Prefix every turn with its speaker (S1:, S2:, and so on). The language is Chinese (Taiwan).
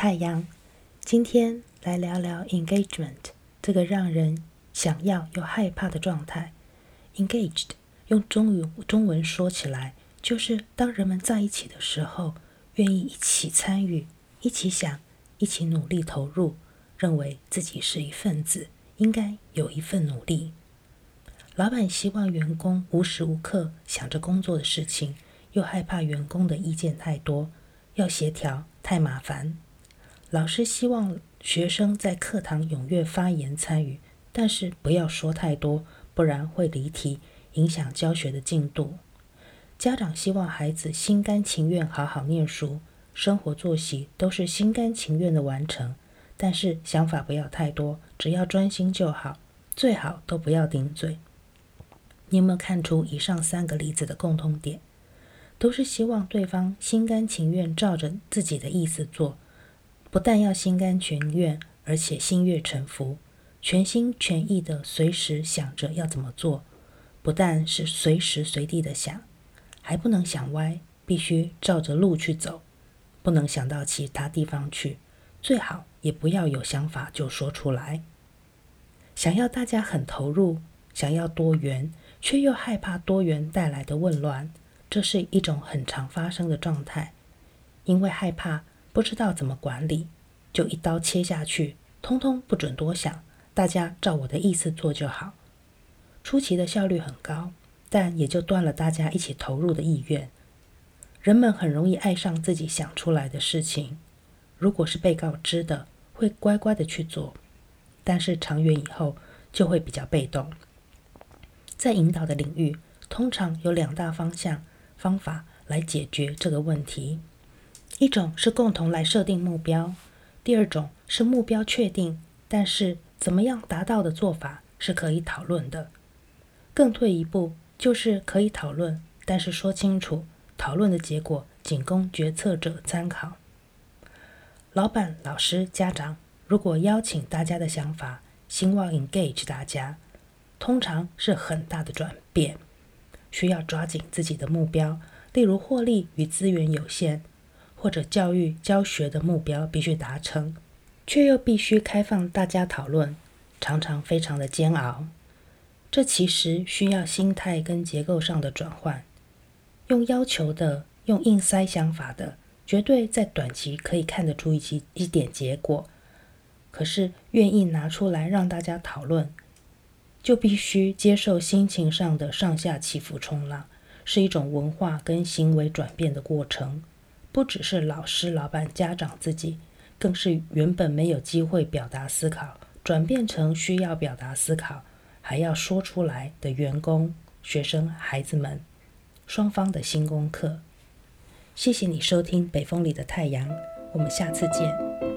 S1: 太陽，今天來聊聊 engagement，這個讓人想要又害怕的狀態。Engaged 用中語中文說起來，就是當人們在一起的時候，願意一起參與、一起想、一起努力投入，認為自己是一份子，應該有一份努力。老板希望員工無時無刻想着工作的事情，又害怕員工的意見太多，要協調，太麻煩。老師希望學生在課堂踴躍發言參與，但是不要說太多，不然會離題，影響教學的進度。家長希望孩子心甘情願好好念書，生活作息都是心甘情願的完成，但是想法不要太多，只要專心就好，最好都不要頂嘴。你有沒有看出以上三個例子的共通點？都是希望對方心甘情願照着自己的意思做。不但要心甘情願，而且心悅誠服，全心全意的隨時想着要怎麼做。不但是隨時隨地的想，還不能想歪，必須照着路去走，不能想到其他地方去。最好也不要有想法就說出來。想要大家很投入，想要多元，却又害怕多元帶來的混亂，這是一種很常發生的狀態，因為害怕。不知道怎麼管理，就一刀切下去，通通不准多想，大家照我的意思做就好。初期的效率很高，但也就斷了大家一起投入的意願。人們很容易愛上自己想出來的事情，如果是被告知的，會乖乖的去做，但是長遠以後就會比較被動。在引導的領域，通常有兩大方向，方法來解決這個問題。一種是共同來設定目標，第二種是目標確定，但是怎麼樣達到的做法是可以討論的。更退一步，就是可以討論，但是說清楚討論的結果僅供決策者參考。老闆、老師、家長，如果邀請大家的想法，希望 engage 大家，通常是很大的轉變，需要抓緊自己的目標，例如獲利與資源有限。或者教育教學的目標必須達成，卻又必須開放大家討論，常常非常的煎熬。這其實需要心態跟結構上的轉換。用要求的，用硬塞想法的，絕對在短期可以看得出一些一點結果。可是願意拿出來讓大家討論，就必須接受心情上的上下起伏衝浪，是一種文化跟行為轉變的過程。不只是老師、老闆、家長自己，更是原本沒有機會表達思考，轉變成需要表達思考，還要說出來的員工、學生、孩子們，雙方的新功課。謝謝你收聽《北風裡的太陽》，我們下次見。